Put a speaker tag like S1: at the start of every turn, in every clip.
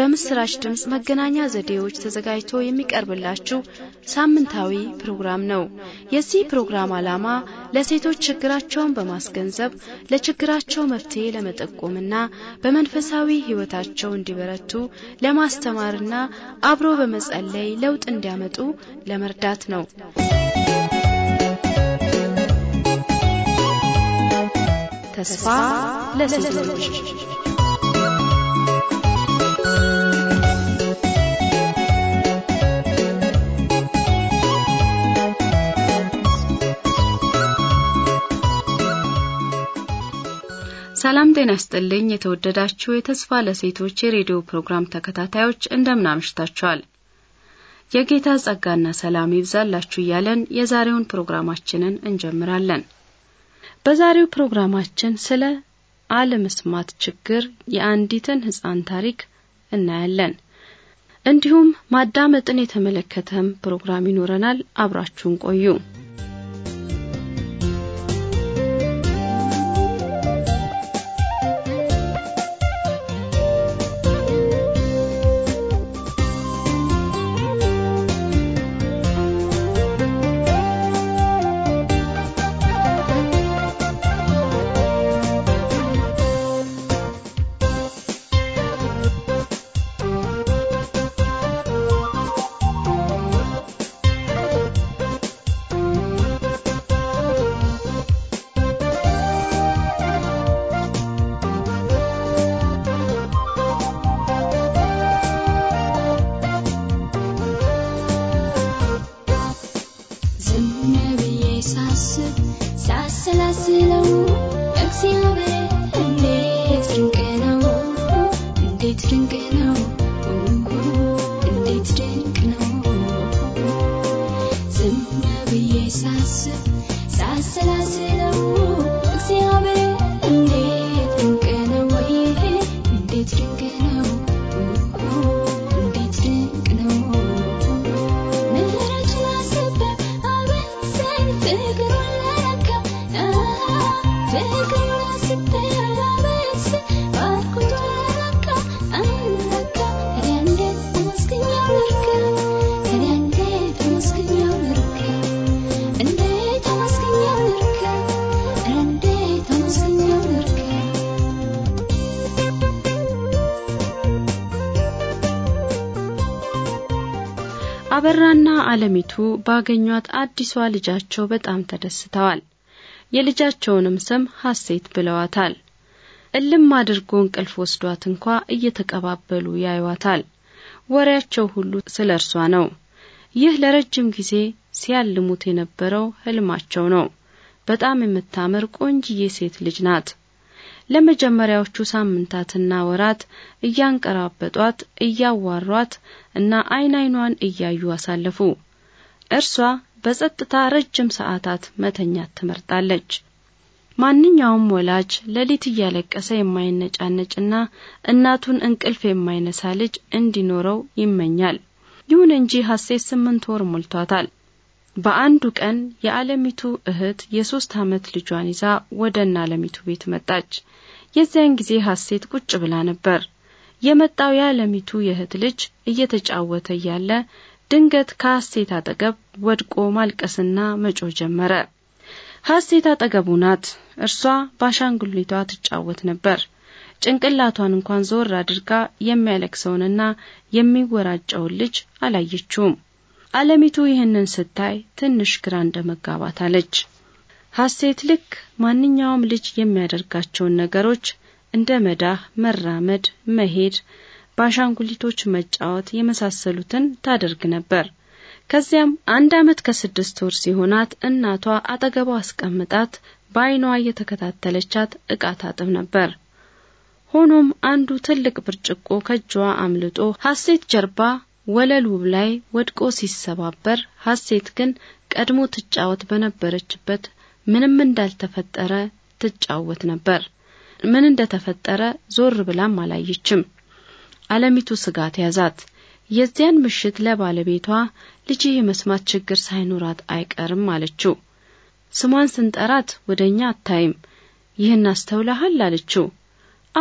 S1: በምስራች ድምፅ መገናኛ ዘዴዎች ተዘጋጅቶ የሚቀርብላችሁ ሳምንታዊ ፕሮግራም ነው። የዚህ ፕሮግራም ዓላማ ለሴቶች ችግራቸውን በማስገንዘብ ለችግራቸው መፍትሄ ለመጠቆምና በመንፈሳዊ ህይወታቸው እንዲበረቱ ለማስተማርና አብሮ በመጸለይ ለውጥ እንዲያመጡ ለመርዳት ነው። ተስፋ ለሴቶች ሰላም ጤና ይስጥልኝ። የተወደዳችሁ የተስፋ ለሴቶች የሬዲዮ ፕሮግራም ተከታታዮች እንደምን አምሽታችኋል? የጌታ ጸጋና ሰላም ይብዛላችሁ እያለን የዛሬውን ፕሮግራማችንን እንጀምራለን። በዛሬው ፕሮግራማችን ስለ አለመስማት ችግር የአንዲትን ሕፃን ታሪክ እናያለን። እንዲሁም ማዳመጥን የተመለከተም ፕሮግራም ይኖረናል። አብራችሁን ቆዩ። አበራና አለሚቱ ባገኟት አዲሷ ልጃቸው በጣም ተደስተዋል። የልጃቸውንም ስም ሀሴት ብለዋታል። እልም አድርጎ እንቅልፍ ወስዷት እንኳ እየተቀባበሉ ያዩዋታል። ወሬያቸው ሁሉ ስለ እርሷ ነው። ይህ ለረጅም ጊዜ ሲያልሙት የነበረው ህልማቸው ነው። በጣም የምታምር ቆንጅዬ ሴት ልጅ ናት። ለመጀመሪያዎቹ ሳምንታትና ወራት እያንቀራበጧት እያዋሯት እና አይን አይኗን እያዩ አሳለፉ። እርሷ በጸጥታ ረጅም ሰዓታት መተኛት ትመርጣለች። ማንኛውም ወላጅ ሌሊት እያለቀሰ የማይነጫነጭና እናቱን እንቅልፍ የማይነሳ ልጅ እንዲኖረው ይመኛል። ይሁን እንጂ ሀሴት ስምንት ወር ሞልቷታል። በአንዱ ቀን የዓለሚቱ እህት የሶስት ዓመት ልጇን ይዛ ወደ እነ ዓለሚቱ ቤት መጣች። የዚያን ጊዜ ሐሴት ቁጭ ብላ ነበር። የመጣው የዓለሚቱ የእህት ልጅ እየተጫወተ እያለ ድንገት ከሐሴት አጠገብ ወድቆ ማልቀስና መጮህ ጀመረ። ሐሴት አጠገቡ ናት። እርሷ ባሻንጉሊቷ ትጫወት ነበር። ጭንቅላቷን እንኳን ዞር አድርጋ የሚያለቅሰውንና የሚወራጨውን ልጅ አላየችውም። አለሚቱ ይህንን ስታይ ትንሽ ግራ እንደመጋባት አለች። ሐሴት ልክ ማንኛውም ልጅ የሚያደርጋቸውን ነገሮች እንደ መዳህ መራመድ፣ መሄድ፣ በአሻንጉሊቶች መጫወት የመሳሰሉትን ታደርግ ነበር። ከዚያም አንድ ዓመት ከስድስት ወር ሲሆናት እናቷ አጠገቧ አስቀምጣት በዓይኗ እየተከታተለቻት ዕቃ ታጥብ ነበር። ሆኖም አንዱ ትልቅ ብርጭቆ ከእጇ አምልጦ ሐሴት ጀርባ ወለሉ ላይ ወድቆ ሲሰባበር ሀሴት ግን ቀድሞ ትጫወት በነበረችበት ምንም እንዳልተፈጠረ ትጫወት ነበር። ምን እንደተፈጠረ ዞር ብላም አላየችም። አለሚቱ ስጋት ያዛት። የዚያን ምሽት ለባለቤቷ ልጅ የመስማት ችግር ሳይኖራት አይቀርም አለችው። ስሟን ስንጠራት ወደኛ አታይም፣ ይህን አስተውለሃል አለችው።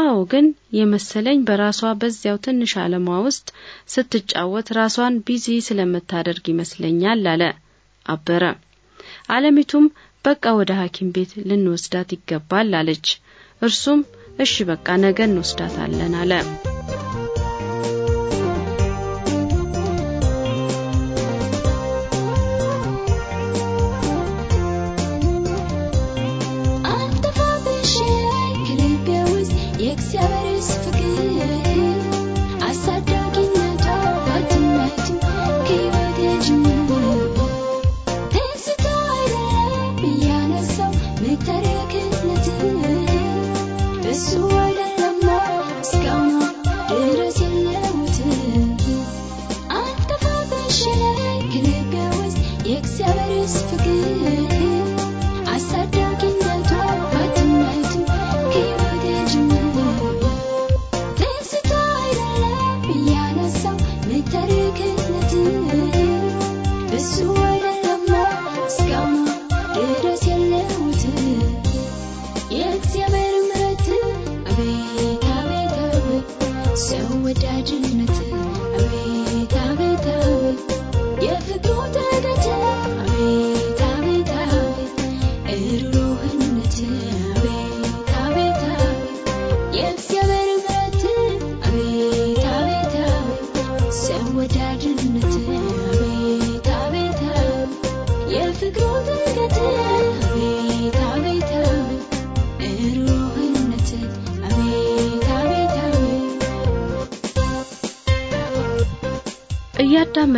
S1: አዎ ግን የመሰለኝ በራሷ በዚያው ትንሽ ዓለሟ ውስጥ ስትጫወት ራሷን ቢዚ ስለምታደርግ ይመስለኛል አለ አበረ። አለሚቱም በቃ ወደ ሐኪም ቤት ልንወስዳት ይገባል አለች። እርሱም እሺ በቃ ነገ እንወስዳታለን አለ።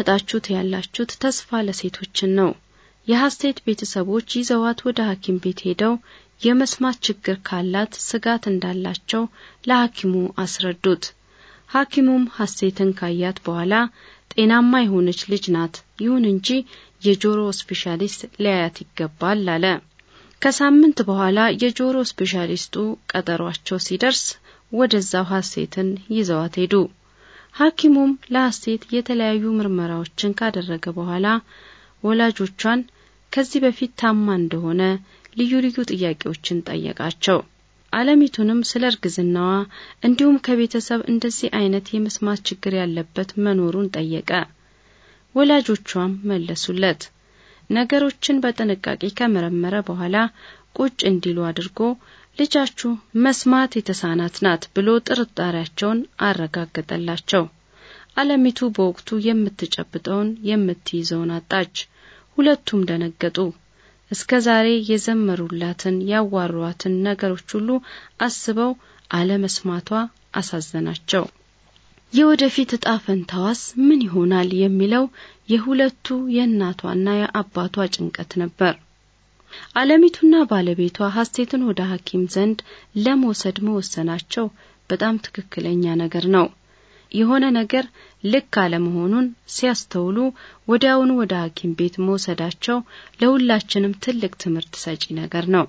S1: እያደመጣችሁት ያላችሁት ተስፋ ለሴቶችን ነው። የሐሴት ቤተሰቦች ይዘዋት ወደ ሐኪም ቤት ሄደው የመስማት ችግር ካላት ስጋት እንዳላቸው ለሐኪሙ አስረዱት። ሐኪሙም ሐሴትን ካያት በኋላ ጤናማ የሆነች ልጅ ናት፣ ይሁን እንጂ የጆሮ ስፔሻሊስት ሊያያት ይገባል አለ። ከሳምንት በኋላ የጆሮ ስፔሻሊስቱ ቀጠሯቸው ሲደርስ ወደዛው ሐሴትን ይዘዋት ሄዱ። ሐኪሙም ለሐሴት የተለያዩ ምርመራዎችን ካደረገ በኋላ ወላጆቿን ከዚህ በፊት ታማ እንደሆነ ልዩ ልዩ ጥያቄዎችን ጠየቃቸው። አለሚቱንም ስለ እርግዝናዋ እንዲሁም ከቤተሰብ እንደዚህ አይነት የመስማት ችግር ያለበት መኖሩን ጠየቀ። ወላጆቿም መለሱለት። ነገሮችን በጥንቃቄ ከመረመረ በኋላ ቁጭ እንዲሉ አድርጎ ልጃችሁ መስማት የተሳናት ናት ብሎ ጥርጣሬያቸውን አረጋገጠላቸው። አለሚቱ በወቅቱ የምትጨብጠውን የምትይዘውን አጣች። ሁለቱም ደነገጡ። እስከ ዛሬ የዘመሩላትን ያዋሯትን ነገሮች ሁሉ አስበው አለመስማቷ አሳዘናቸው። የወደፊት እጣ ፈንታዋስ ምን ይሆናል የሚለው የሁለቱ የእናቷና የአባቷ ጭንቀት ነበር። አለሚቱና ባለቤቷ ሀሴትን ወደ ሐኪም ዘንድ ለመውሰድ መወሰናቸው በጣም ትክክለኛ ነገር ነው። የሆነ ነገር ልክ አለመሆኑን ሲያስተውሉ ወዲያውኑ ወደ ሐኪም ቤት መውሰዳቸው ለሁላችንም ትልቅ ትምህርት ሰጪ ነገር ነው።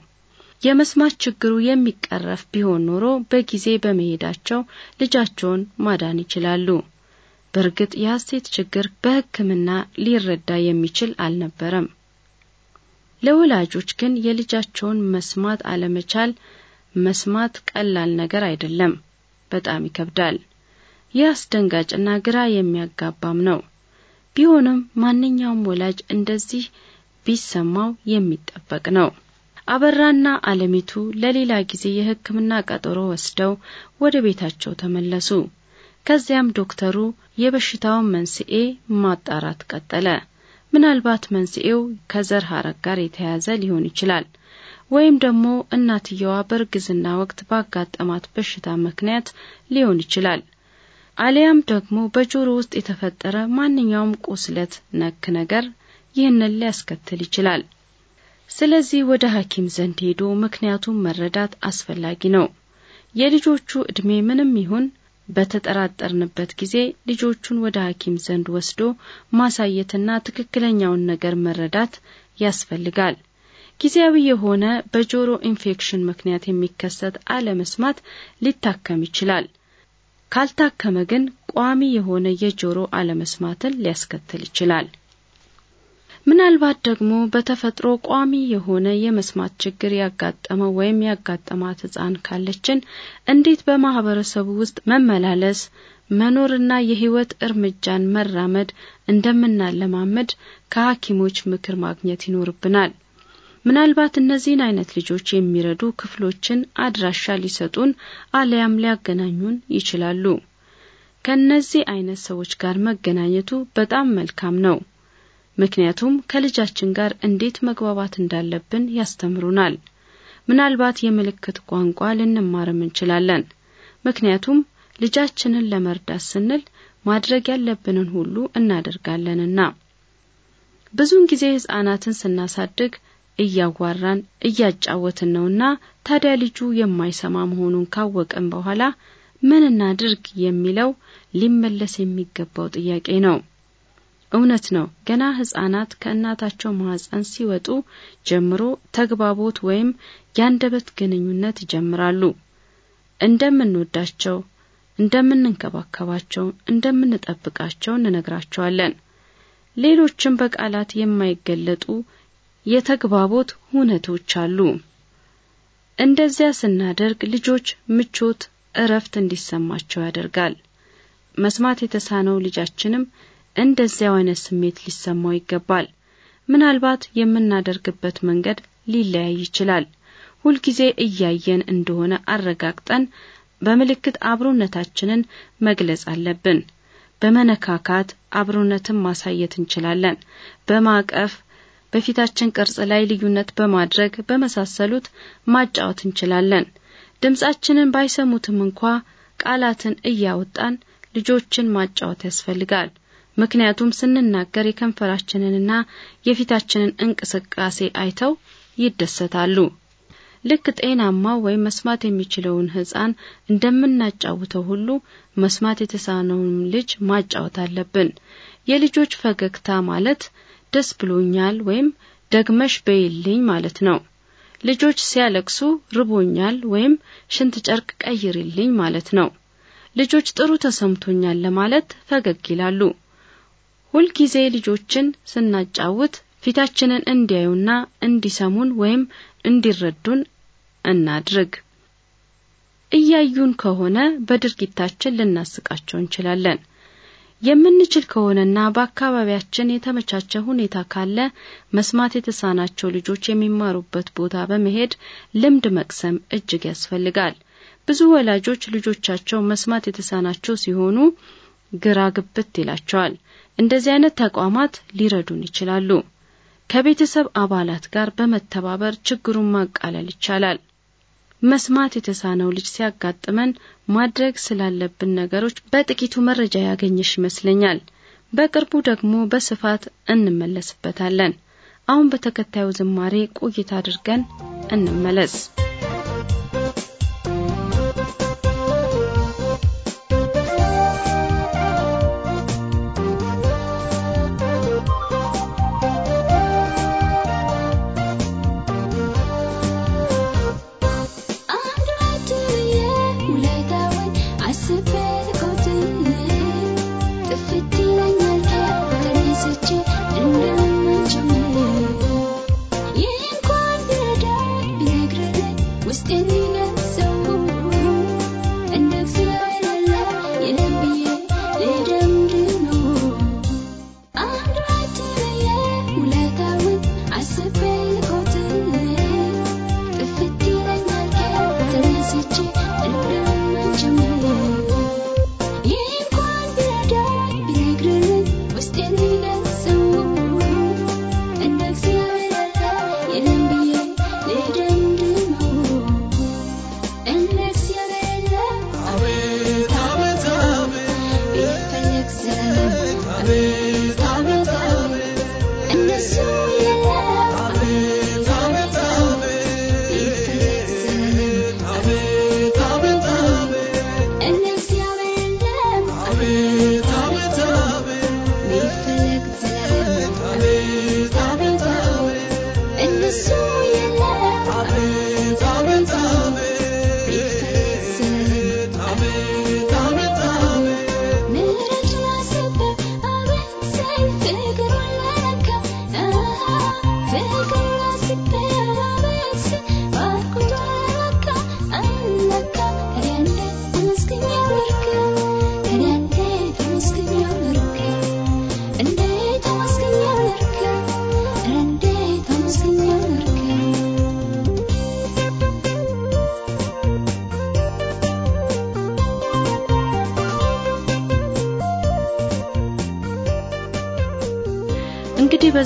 S1: የመስማት ችግሩ የሚቀረፍ ቢሆን ኖሮ በጊዜ በመሄዳቸው ልጃቸውን ማዳን ይችላሉ። በእርግጥ የሐሴት ችግር በሕክምና ሊረዳ የሚችል አልነበረም። ለወላጆች ግን የልጃቸውን መስማት አለመቻል መስማት ቀላል ነገር አይደለም፣ በጣም ይከብዳል። ይህ አስደንጋጭና ግራ የሚያጋባም ነው። ቢሆንም ማንኛውም ወላጅ እንደዚህ ቢሰማው የሚጠበቅ ነው። አበራና አለሚቱ ለሌላ ጊዜ የሕክምና ቀጠሮ ወስደው ወደ ቤታቸው ተመለሱ። ከዚያም ዶክተሩ የበሽታውን መንስኤ ማጣራት ቀጠለ። ምናልባት መንስኤው ከዘር ሐረግ ጋር የተያያዘ ሊሆን ይችላል። ወይም ደግሞ እናትየዋ በእርግዝና ወቅት ባጋጠማት በሽታ ምክንያት ሊሆን ይችላል። አሊያም ደግሞ በጆሮ ውስጥ የተፈጠረ ማንኛውም ቁስለት ነክ ነገር ይህንን ሊያስከትል ይችላል። ስለዚህ ወደ ሐኪም ዘንድ ሄዶ ምክንያቱም መረዳት አስፈላጊ ነው። የልጆቹ ዕድሜ ምንም ይሁን በተጠራጠርንበት ጊዜ ልጆቹን ወደ ሐኪም ዘንድ ወስዶ ማሳየትና ትክክለኛውን ነገር መረዳት ያስፈልጋል። ጊዜያዊ የሆነ በጆሮ ኢንፌክሽን ምክንያት የሚከሰት አለመስማት ሊታከም ይችላል። ካልታከመ ግን ቋሚ የሆነ የጆሮ አለመስማትን ሊያስከትል ይችላል። ምናልባት ደግሞ በተፈጥሮ ቋሚ የሆነ የመስማት ችግር ያጋጠመው ወይም ያጋጠማት ህጻን ካለችን እንዴት በማህበረሰቡ ውስጥ መመላለስ መኖርና የህይወት እርምጃን መራመድ እንደምናለማመድ ከሐኪሞች ምክር ማግኘት ይኖርብናል። ምናልባት እነዚህን አይነት ልጆች የሚረዱ ክፍሎችን አድራሻ ሊሰጡን አለያም ሊያገናኙን ይችላሉ። ከእነዚህ አይነት ሰዎች ጋር መገናኘቱ በጣም መልካም ነው። ምክንያቱም ከልጃችን ጋር እንዴት መግባባት እንዳለብን ያስተምሩናል። ምናልባት የምልክት ቋንቋ ልንማርም እንችላለን። ምክንያቱም ልጃችንን ለመርዳት ስንል ማድረግ ያለብንን ሁሉ እናደርጋለንና ብዙውን ጊዜ ሕፃናትን ስናሳድግ እያዋራን እያጫወትን ነውና ታዲያ ልጁ የማይሰማ መሆኑን ካወቅን በኋላ ምን እናድርግ የሚለው ሊመለስ የሚገባው ጥያቄ ነው። እውነት ነው ገና ህጻናት ከእናታቸው ማኅፀን ሲወጡ ጀምሮ ተግባቦት ወይም ያንደበት ግንኙነት ይጀምራሉ። እንደምንወዳቸው፣ እንደምንንከባከባቸው፣ እንደምንጠብቃቸው እንነግራቸዋለን። ሌሎችም በቃላት የማይገለጡ የተግባቦት ሁነቶች አሉ። እንደዚያ ስናደርግ ልጆች ምቾት፣ እረፍት እንዲሰማቸው ያደርጋል። መስማት የተሳነው ልጃችንም እንደዚያው አይነት ስሜት ሊሰማው ይገባል። ምናልባት የምናደርግበት መንገድ ሊለያይ ይችላል። ሁልጊዜ እያየን እንደሆነ አረጋግጠን በምልክት አብሮነታችንን መግለጽ አለብን። በመነካካት አብሮነትን ማሳየት እንችላለን። በማቀፍ በፊታችን ቅርጽ ላይ ልዩነት በማድረግ በመሳሰሉት ማጫወት እንችላለን። ድምጻችንን ባይሰሙትም እንኳ ቃላትን እያወጣን ልጆችን ማጫወት ያስፈልጋል። ምክንያቱም ስንናገር የከንፈራችንንና የፊታችንን እንቅስቃሴ አይተው ይደሰታሉ። ልክ ጤናማው ወይም መስማት የሚችለውን ሕፃን እንደምናጫውተው ሁሉ መስማት የተሳነውን ልጅ ማጫወት አለብን። የልጆች ፈገግታ ማለት ደስ ብሎኛል ወይም ደግመሽ በይልኝ ማለት ነው። ልጆች ሲያለቅሱ ርቦኛል ወይም ሽንት ጨርቅ ቀይርልኝ ማለት ነው። ልጆች ጥሩ ተሰምቶኛል ለማለት ፈገግ ይላሉ። ሁልጊዜ ልጆችን ስናጫውት ፊታችንን እንዲያዩና እንዲሰሙን ወይም እንዲረዱን እናድርግ። እያዩን ከሆነ በድርጊታችን ልናስቃቸው እንችላለን። የምንችል ከሆነና በአካባቢያችን የተመቻቸ ሁኔታ ካለ መስማት የተሳናቸው ልጆች የሚማሩበት ቦታ በመሄድ ልምድ መቅሰም እጅግ ያስፈልጋል። ብዙ ወላጆች ልጆቻቸው መስማት የተሳናቸው ሲሆኑ ግራ ግብት ይላቸዋል። እንደዚህ አይነት ተቋማት ሊረዱን ይችላሉ። ከቤተሰብ አባላት ጋር በመተባበር ችግሩን ማቃለል ይቻላል። መስማት የተሳነው ልጅ ሲያጋጥመን ማድረግ ስላለብን ነገሮች በጥቂቱ መረጃ ያገኘሽ ይመስለኛል። በቅርቡ ደግሞ በስፋት እንመለስበታለን። አሁን በተከታዩ ዝማሬ ቆይታ አድርገን እንመለስ።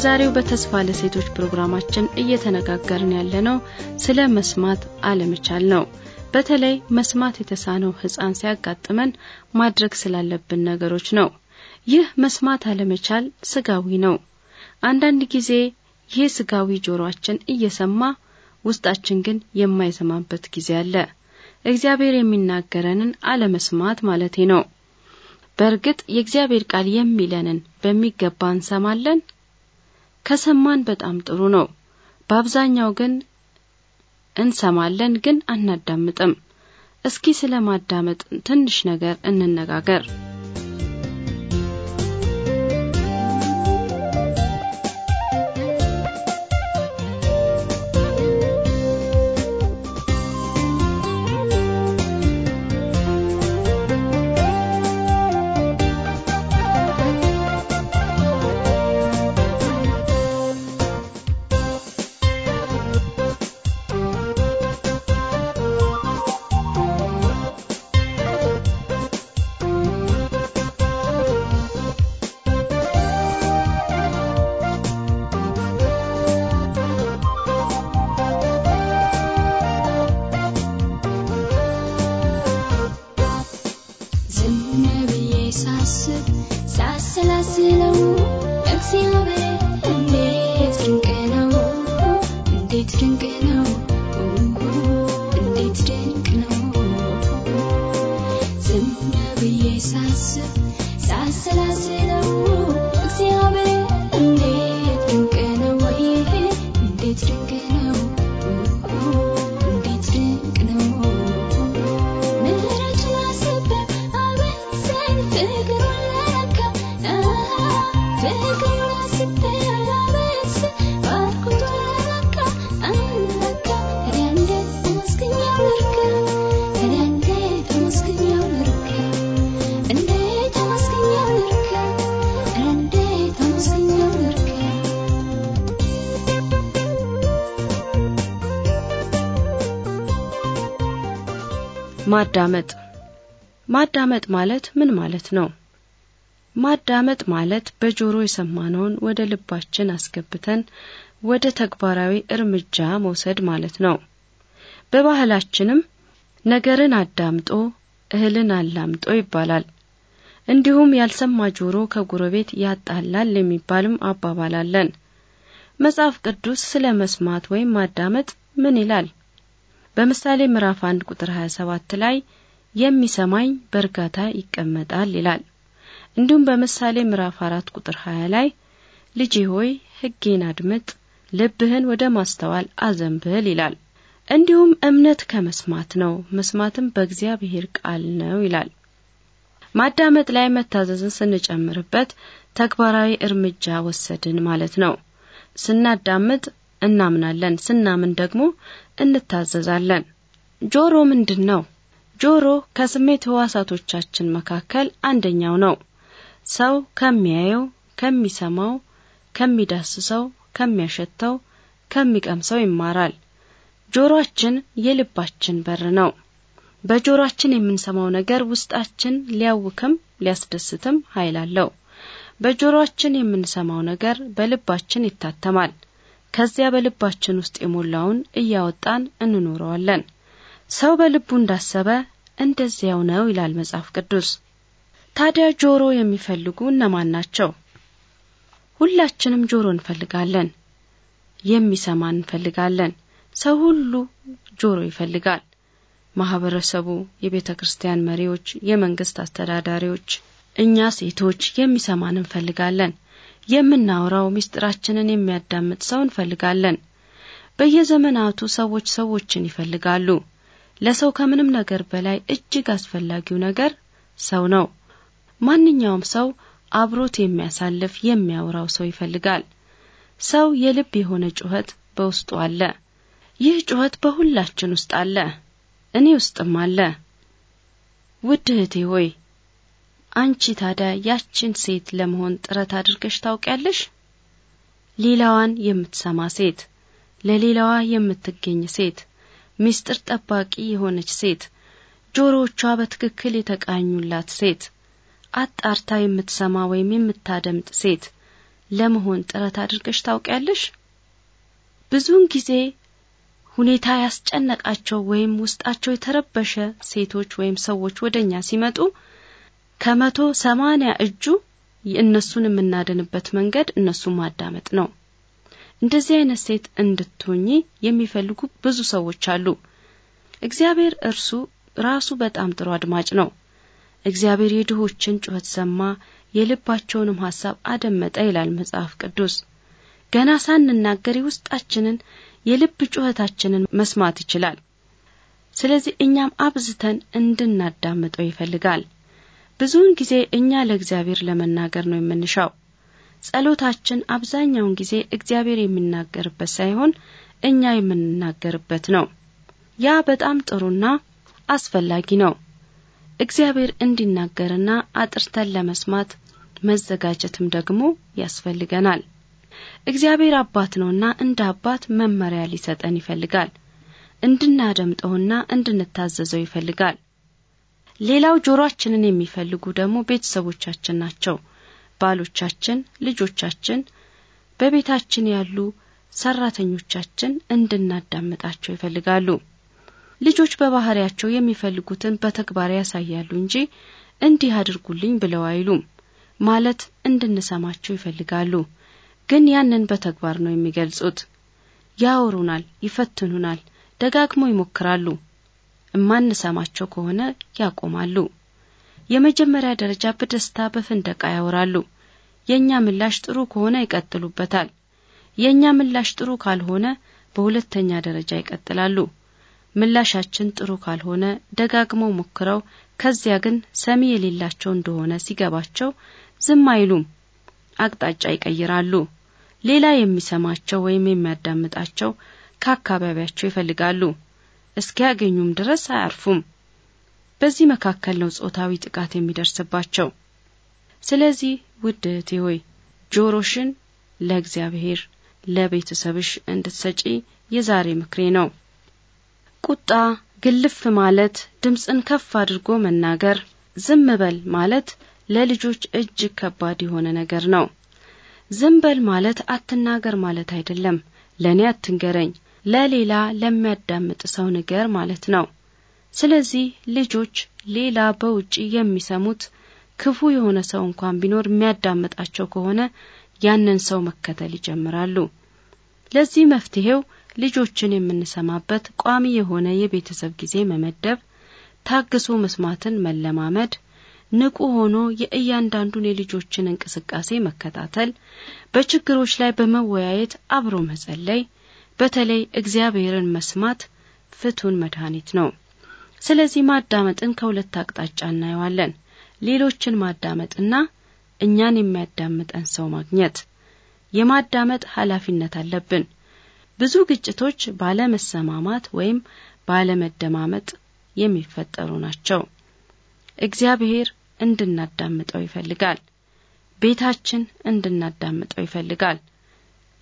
S1: በዛሬው በተስፋ ለሴቶች ፕሮግራማችን እየተነጋገርን ያለነው ስለ መስማት አለመቻል ነው። በተለይ መስማት የተሳነው ሕፃን ሲያጋጥመን ማድረግ ስላለብን ነገሮች ነው። ይህ መስማት አለመቻል ስጋዊ ነው። አንዳንድ ጊዜ ይህ ስጋዊ ጆሮአችን እየሰማ ውስጣችን ግን የማይሰማበት ጊዜ አለ። እግዚአብሔር የሚናገረንን አለመስማት ማለቴ ነው። በእርግጥ የእግዚአብሔር ቃል የሚለንን በሚገባ እንሰማለን ከሰማን በጣም ጥሩ ነው። በአብዛኛው ግን እንሰማለን ግን አናዳምጥም። እስኪ ስለ ማዳመጥ ትንሽ ነገር እንነጋገር። ማዳመጥ ማዳመጥ ማለት ምን ማለት ነው? ማዳመጥ ማለት በጆሮ የሰማነውን ወደ ልባችን አስገብተን ወደ ተግባራዊ እርምጃ መውሰድ ማለት ነው። በባህላችንም ነገርን አዳምጦ እህልን አላምጦ ይባላል። እንዲሁም ያልሰማ ጆሮ ከጎረቤት ያጣላል የሚባልም አባባል አለን። መጽሐፍ ቅዱስ ስለ መስማት ወይም ማዳመጥ ምን ይላል? በምሳሌ ምዕራፍ 1 ቁጥር 27 ላይ የሚሰማኝ በእርጋታ ይቀመጣል ይላል። እንዲሁም በምሳሌ ምዕራፍ 4 ቁጥር 20 ላይ ልጄ ሆይ ሕጌን አድምጥ፣ ልብህን ወደ ማስተዋል አዘንብል ይላል። እንዲሁም እምነት ከመስማት ነው፣ መስማትም በእግዚአብሔር ቃል ነው ይላል። ማዳመጥ ላይ መታዘዝን ስንጨምርበት ተግባራዊ እርምጃ ወሰድን ማለት ነው። ስናዳምጥ እናምናለን። ስናምን ደግሞ እንታዘዛለን። ጆሮ ምንድን ነው? ጆሮ ከስሜት ህዋሳቶቻችን መካከል አንደኛው ነው። ሰው ከሚያየው፣ ከሚሰማው፣ ከሚዳስሰው፣ ከሚያሸተው፣ ከሚቀምሰው ይማራል። ጆሮአችን የልባችን በር ነው። በጆሮአችን የምንሰማው ነገር ውስጣችን ሊያውክም ሊያስደስትም ኃይል አለው። በጆሮአችን የምንሰማው ነገር በልባችን ይታተማል። ከዚያ በልባችን ውስጥ የሞላውን እያወጣን እንኖረዋለን። ሰው በልቡ እንዳሰበ እንደዚያው ነው ይላል መጽሐፍ ቅዱስ። ታዲያ ጆሮ የሚፈልጉ እነማን ናቸው? ሁላችንም ጆሮ እንፈልጋለን፣ የሚሰማን እንፈልጋለን። ሰው ሁሉ ጆሮ ይፈልጋል። ማህበረሰቡ፣ የቤተ ክርስቲያን መሪዎች፣ የመንግስት አስተዳዳሪዎች፣ እኛ ሴቶች የሚሰማን እንፈልጋለን። የምናወራው ምስጢራችንን የሚያዳምጥ ሰው እንፈልጋለን። በየዘመናቱ ሰዎች ሰዎችን ይፈልጋሉ። ለሰው ከምንም ነገር በላይ እጅግ አስፈላጊው ነገር ሰው ነው። ማንኛውም ሰው አብሮት የሚያሳልፍ የሚያወራው ሰው ይፈልጋል። ሰው የልብ የሆነ ጩኸት በውስጡ አለ። ይህ ጩኸት በሁላችን ውስጥ አለ፣ እኔ ውስጥም አለ። ውድ እህቴ ሆይ አንቺ ታዲያ ያችን ሴት ለመሆን ጥረት አድርገሽ ታውቂያለሽ? ሌላዋን የምትሰማ ሴት፣ ለሌላዋ የምትገኝ ሴት፣ ምስጢር ጠባቂ የሆነች ሴት፣ ጆሮዎቿ በትክክል የተቃኙላት ሴት፣ አጣርታ የምትሰማ ወይም የምታደምጥ ሴት ለመሆን ጥረት አድርገሽ ታውቂያለሽ? ብዙውን ጊዜ ሁኔታ ያስጨነቃቸው ወይም ውስጣቸው የተረበሸ ሴቶች ወይም ሰዎች ወደኛ ሲመጡ ከመቶ ሰማንያ እጁ እነሱን የምናድንበት መንገድ እነሱን ማዳመጥ ነው። እንደዚህ አይነት ሴት እንድትሆኚ የሚፈልጉ ብዙ ሰዎች አሉ። እግዚአብሔር እርሱ ራሱ በጣም ጥሩ አድማጭ ነው። እግዚአብሔር የድሆችን ጩኸት ሰማ፣ የልባቸውንም ሐሳብ አደመጠ ይላል መጽሐፍ ቅዱስ። ገና ሳንናገር የውስጣችንን የልብ ጩኸታችንን መስማት ይችላል። ስለዚህ እኛም አብዝተን እንድናዳምጠው ይፈልጋል። ብዙውን ጊዜ እኛ ለእግዚአብሔር ለመናገር ነው የምንሻው። ጸሎታችን አብዛኛውን ጊዜ እግዚአብሔር የሚናገርበት ሳይሆን እኛ የምንናገርበት ነው። ያ በጣም ጥሩና አስፈላጊ ነው። እግዚአብሔር እንዲናገርና አጥርተን ለመስማት መዘጋጀትም ደግሞ ያስፈልገናል። እግዚአብሔር አባት ነውና እንደ አባት መመሪያ ሊሰጠን ይፈልጋል። እንድናደምጠውና እንድንታዘዘው ይፈልጋል። ሌላው ጆሮአችንን የሚፈልጉ ደግሞ ቤተሰቦቻችን ናቸው። ባሎቻችን፣ ልጆቻችን፣ በቤታችን ያሉ ሰራተኞቻችን እንድናዳምጣቸው ይፈልጋሉ። ልጆች በባህሪያቸው የሚፈልጉትን በተግባር ያሳያሉ እንጂ እንዲህ አድርጉልኝ ብለው አይሉም። ማለት እንድንሰማቸው ይፈልጋሉ። ግን ያንን በተግባር ነው የሚገልጹት። ያወሩናል፣ ይፈትኑናል፣ ደጋግሞ ይሞክራሉ። የማንሰማቸው ከሆነ ያቆማሉ። የመጀመሪያ ደረጃ በደስታ በፍንደቃ ያወራሉ። የእኛ ምላሽ ጥሩ ከሆነ ይቀጥሉበታል። የእኛ ምላሽ ጥሩ ካልሆነ በሁለተኛ ደረጃ ይቀጥላሉ። ምላሻችን ጥሩ ካልሆነ ደጋግመው ሞክረው ከዚያ ግን ሰሚ የሌላቸው እንደሆነ ሲገባቸው ዝም አይሉም፣ አቅጣጫ ይቀይራሉ። ሌላ የሚሰማቸው ወይም የሚያዳምጣቸው ከአካባቢያቸው ይፈልጋሉ። እስኪያገኙም ድረስ አያርፉም። በዚህ መካከል ነው ጾታዊ ጥቃት የሚደርስባቸው። ስለዚህ ውድ እህቴ ሆይ ጆሮሽን ለእግዚአብሔር ለቤተሰብሽ እንድትሰጪ የዛሬ ምክሬ ነው። ቁጣ፣ ግልፍ ማለት፣ ድምፅን ከፍ አድርጎ መናገር፣ ዝም በል ማለት ለልጆች እጅግ ከባድ የሆነ ነገር ነው። ዝም በል ማለት አትናገር ማለት አይደለም። ለእኔ አትንገረኝ ለሌላ ለሚያዳምጥ ሰው ንገር ማለት ነው። ስለዚህ ልጆች ሌላ በውጪ የሚሰሙት ክፉ የሆነ ሰው እንኳን ቢኖር የሚያዳምጣቸው ከሆነ ያንን ሰው መከተል ይጀምራሉ። ለዚህ መፍትሄው ልጆችን የምንሰማበት ቋሚ የሆነ የቤተሰብ ጊዜ መመደብ፣ ታግሶ መስማትን መለማመድ፣ ንቁ ሆኖ የእያንዳንዱን የልጆችን እንቅስቃሴ መከታተል፣ በችግሮች ላይ በመወያየት አብሮ መጸለይ፣ በተለይ እግዚአብሔርን መስማት ፍቱን መድኃኒት ነው። ስለዚህ ማዳመጥን ከሁለት አቅጣጫ እናየዋለን። ሌሎችን ማዳመጥና እኛን የሚያዳምጠን ሰው ማግኘት። የማዳመጥ ኃላፊነት አለብን። ብዙ ግጭቶች ባለመሰማማት ወይም ባለመደማመጥ የሚፈጠሩ ናቸው። እግዚአብሔር እንድናዳምጠው ይፈልጋል። ቤታችን እንድናዳምጠው ይፈልጋል።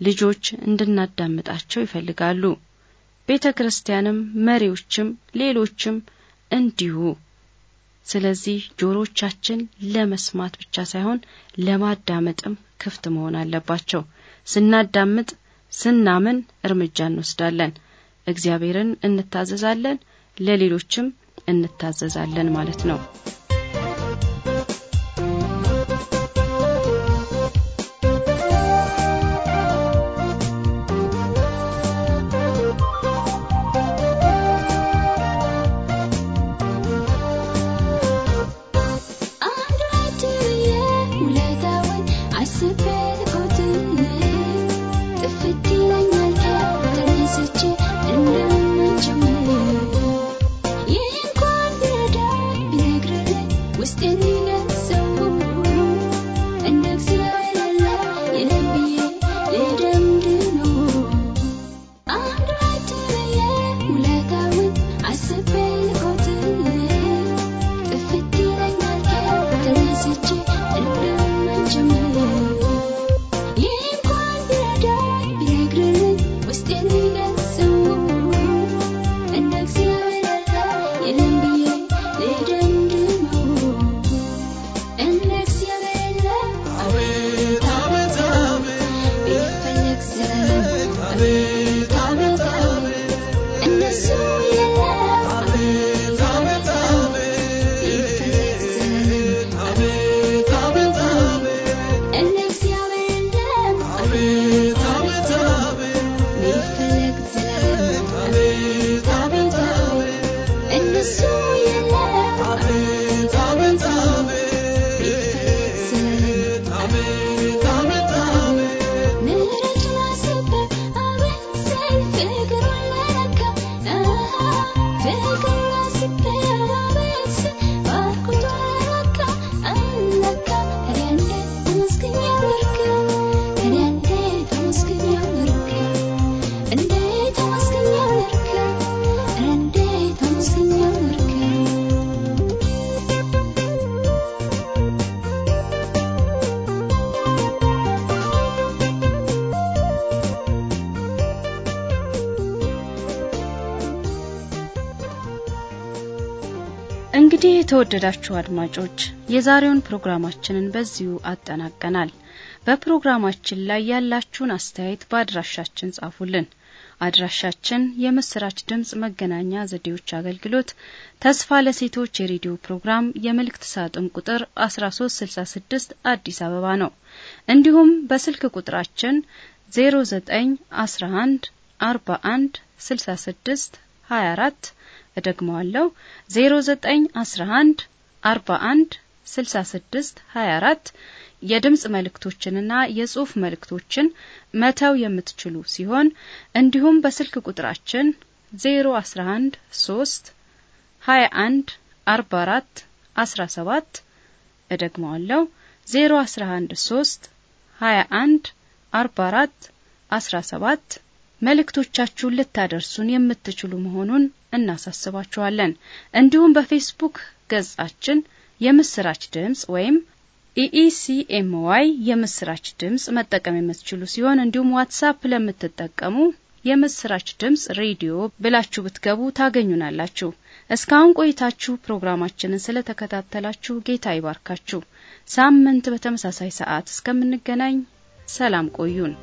S1: ልጆች እንድናዳምጣቸው ይፈልጋሉ። ቤተ ክርስቲያንም መሪዎችም ሌሎችም እንዲሁ። ስለዚህ ጆሮቻችን ለመስማት ብቻ ሳይሆን ለማዳመጥም ክፍት መሆን አለባቸው። ስናዳምጥ፣ ስናምን እርምጃ እንወስዳለን። እግዚአብሔርን እንታዘዛለን፣ ለሌሎችም እንታዘዛለን ማለት ነው። gossip የተወደዳችሁ አድማጮች የዛሬውን ፕሮግራማችንን በዚሁ አጠናቀናል። በፕሮግራማችን ላይ ያላችሁን አስተያየት በአድራሻችን ጻፉልን። አድራሻችን የምስራች ድምጽ መገናኛ ዘዴዎች አገልግሎት ተስፋ ለሴቶች የሬዲዮ ፕሮግራም የመልእክት ሳጥን ቁጥር 1366 አዲስ አበባ ነው። እንዲሁም በስልክ ቁጥራችን 0911 41 66 24 እደግመዋለሁ 0911 41 66 24 የድምጽ መልእክቶችንና የጽሑፍ መልእክቶችን መተው የምትችሉ ሲሆን እንዲሁም በስልክ ቁጥራችን 011 3 21 44 17 እደግመዋለሁ 011 3 21 44 17 መልእክቶቻችሁን ልታደርሱን የምትችሉ መሆኑን እናሳስባችኋለን። እንዲሁም በፌስቡክ ገጻችን የምስራች ድምጽ ወይም ኢኢሲኤምዋይ e e የምስራች ድምጽ መጠቀም የምትችሉ ሲሆን እንዲሁም ዋትሳፕ ለምትጠቀሙ የምስራች ድምጽ ሬዲዮ ብላችሁ ብትገቡ ታገኙናላችሁ። እስካሁን ቆይታችሁ ፕሮግራማችንን ስለተከታተላችሁ ጌታ ይባርካችሁ። ሳምንት በተመሳሳይ ሰዓት እስከምንገናኝ ሰላም ቆዩን።